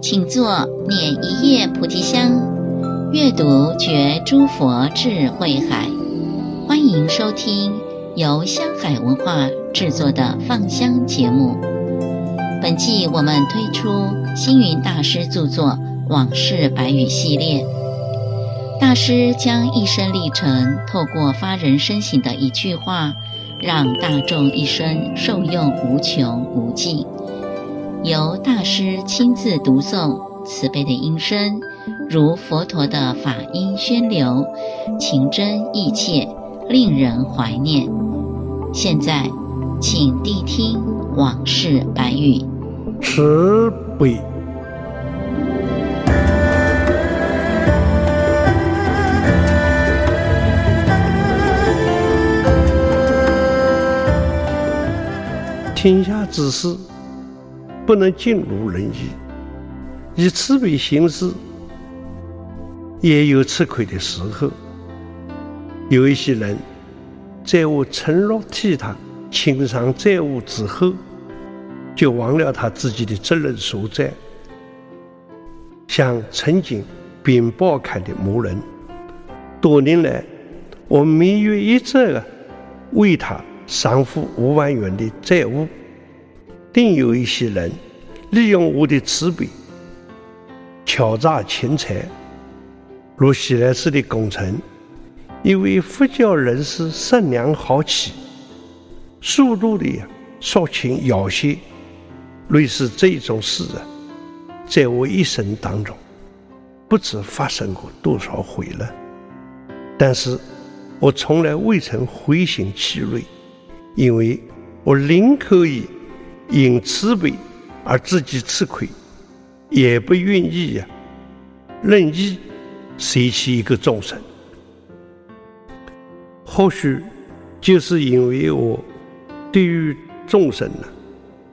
請坐，捻一葉菩提香，閱讀覺諸佛智慧海。歡迎收聽由香海文化製作的放香節目。本季我們推出。星雲大師著作《往事百語》系列，大師將一生歷程透過發人深省的一句話，讓大眾一生受用無窮無盡。由大師親自讀誦，慈悲的音聲如佛陀的法音宣流，情真意切，令人懷念。現在，請諦聽《往事百語》，慈悲。天下之事，不能盡如人意。以慈悲行事，也有吃虧的時候。有一些人，在我承諾替他清償債務之後，就忘了他自己的責任所在，像曾經稟報開的某人。多年來，我沒有一直的為他。償付五萬元的債務，另有一些人利用我的慈悲敲詐錢財，如喜來寺的工程，因為佛教人士善良好欺，數度的說情要挾。類似這種事啊，在我一生當中，不知發生過多少回了，但是我從來未曾灰心氣餒。因為我寧可以因慈悲而自己吃虧，也不願意呀、啊、任意捨棄一個眾生。或許就是因為我對於眾生呢、啊、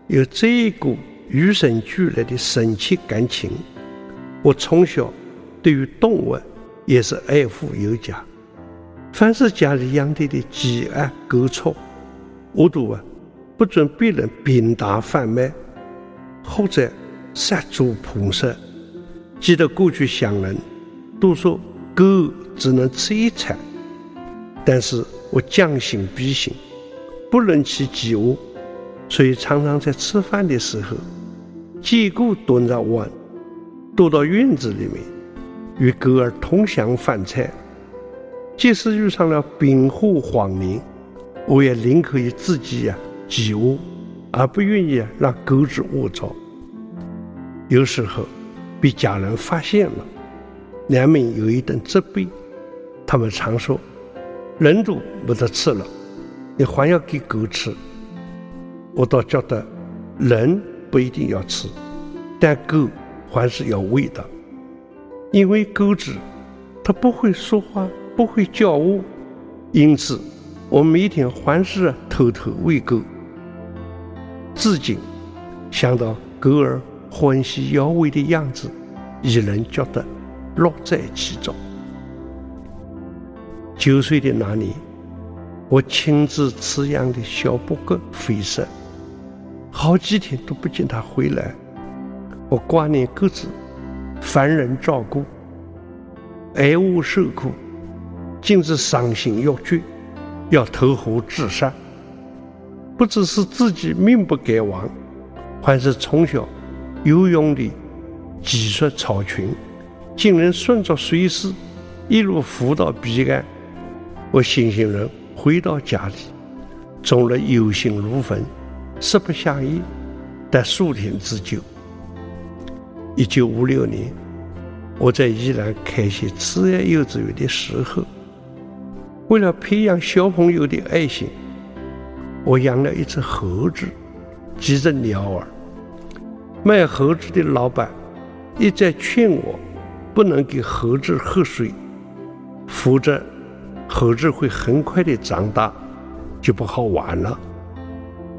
有這一股與生俱來的深切感情。我從小對於動物也是愛護有加，凡是家裡養的的雞鴨狗、畜、啊。我都啊，不准別人鞭打販賣，或者殺豬烹食。記得過去鄉人，都說狗只能吃一餐，但是我將心比心，不忍其飢餓，所以常常在吃飯的時候，藉故端着碗，躲到院子裡面，與狗兒同享飯菜。即使遇上了兵禍荒年。我也寧可以自己呀，擠窩，而不願意讓狗子臥着。有時候被家人發現了，難免有一頓責備。他們常說：“人都沒得吃了，你還要給狗吃？”我倒覺得，人不一定要吃，但狗還是要餵的，因為狗子它不會說話，不會叫窩，因此。我每天還是偷偷餵狗，至今想到狗兒歡喜搖尾的樣子，依然覺得樂在其中。九歲的那年，我親自飼養的小白鴿飛失，好幾天都不見它回來，我掛念鴿子，煩人照顧，挨餓受苦，竟是傷心欲絕。要投湖自殺，不知是自己命不該亡，還是從小游泳的技術超群，竟然順着水勢一路浮到彼岸。我欣欣然回到家裡，終日憂心如焚，食不下咽，待數天之久。一九五六年，我在宜蘭開設慈愛幼稚園的時候，為了培養小朋友的愛心，我養了一隻猴子，幾隻鳥兒。賣猴子的老闆一再勸我，不能給猴子喝水，否則猴子會很快的長大，就不好玩了。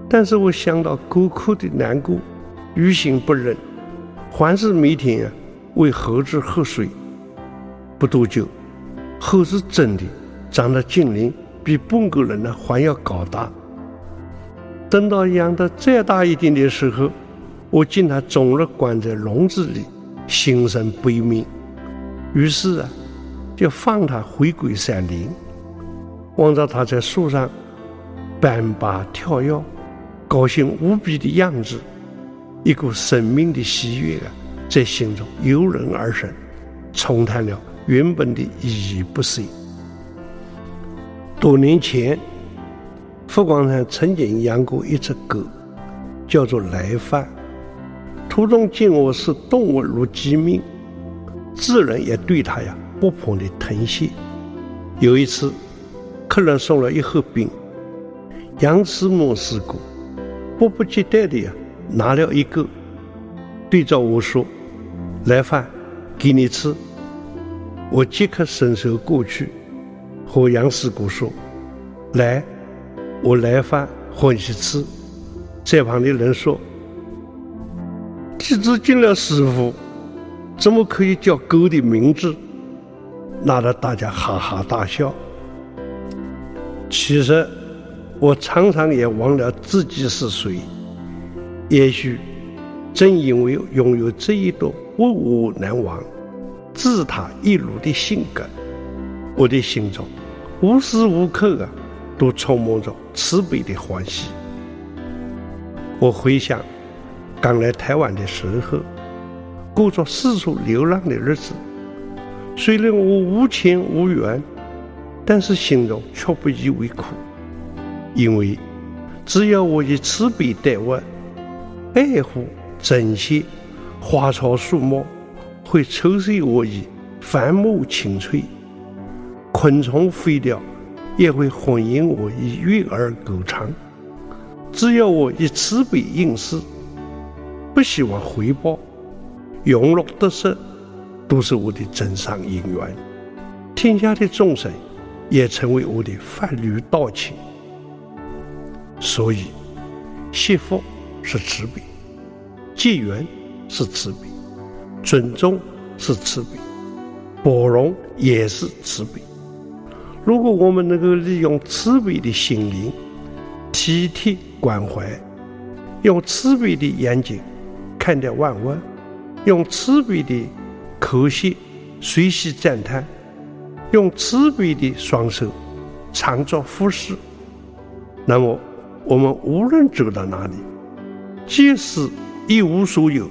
但是我想到顧客的難過，於心不忍，還是每天啊餵猴子喝水。不多久，猴子真的。長得精靈比半個人呢還要高大。等到養得再大一點的時候，我見它總是關在籠子裡，心生悲憫。於是啊，就放它回歸山林，望着它在樹上攀爬跳躍，高興無比的樣子，一股生命的喜悅啊，在心中油然而生，沖淡了原本的依依不捨。多年前，佛光山曾經養過一隻狗，叫做來飯。徒眾見我視動物如己命，自然也對它呀不捧的疼惜。有一次，客人送了一盒餅，楊師母試過，迫不及待的呀、啊、拿了一個，對着我說：“來飯，給你吃。”我即刻伸手過去。和楊師傅說：“來，我來飯，和你吃。”在旁的人說：“弟子敬了師傅，怎麼可以叫狗的名字？”鬧得大家哈哈大笑。其實，我常常也忘了自己是誰。也許，正因為擁有這一朵物我難忘、自他一如的性格。我的心中，無時無刻啊，都充滿着慈悲的歡喜。我回想，剛來台灣的時候，過着四處流浪的日子。雖然我無親無緣，但是心中卻不以為苦，因為只要我以慈悲待物，愛護珍惜花草樹木，會酬謝我以繁茂青翠。昆蟲飛鳥，也會歡迎我以悅耳歌唱。只要我以慈悲應世，不希望回報，榮辱得失都是我的增上因緣。天下的眾生也成為我的法侶道親。所以，惜福是慈悲，結緣是慈悲，尊重是慈悲，包容也是慈悲。如果我們能夠利用慈悲的心靈，體貼關懷，用慈悲的眼睛看待萬物，用慈悲的口舌隨喜讚嘆，用慈悲的雙手常作佛事，那麼我們無論走到哪裡，即使一無所有，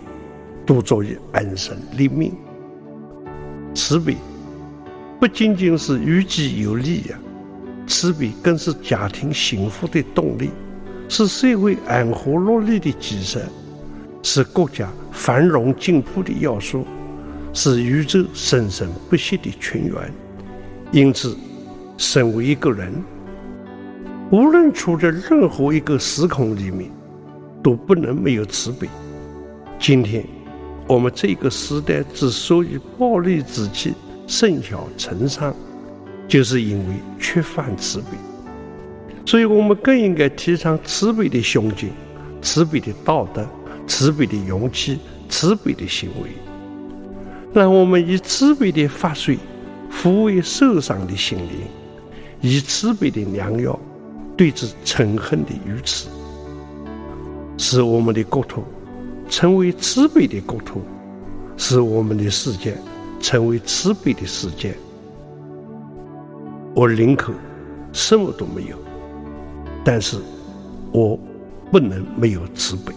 都足以安身立命。慈悲。不僅僅是於己有利呀，啊，慈悲更是家庭幸福的動力，是社會安和樂利的基石，是國家繁榮進步的要素，是宇宙生生不息的泉源。因此，身為一個人，無論處在任何一個時空裡面，都不能沒有慈悲。今天，我們這個時代之所以暴戾之氣，甚囂塵上，就是因為缺乏慈悲，所以我們更應該提倡慈悲的胸襟、慈悲的道德、慈悲的勇氣、慈悲的行為，讓我們以慈悲的法水撫慰受傷的心靈，以慈悲的良藥對治仇恨的愚癡，使我們的國土成為慈悲的國土，使我們的世界成為慈悲的世界，我寧可什麼都沒有，但是，我不能沒有慈悲。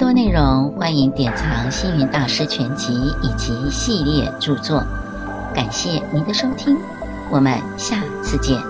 多內容，歡迎典藏《星雲大師全集》以及系列著作。感謝您的收聽，我們下次見。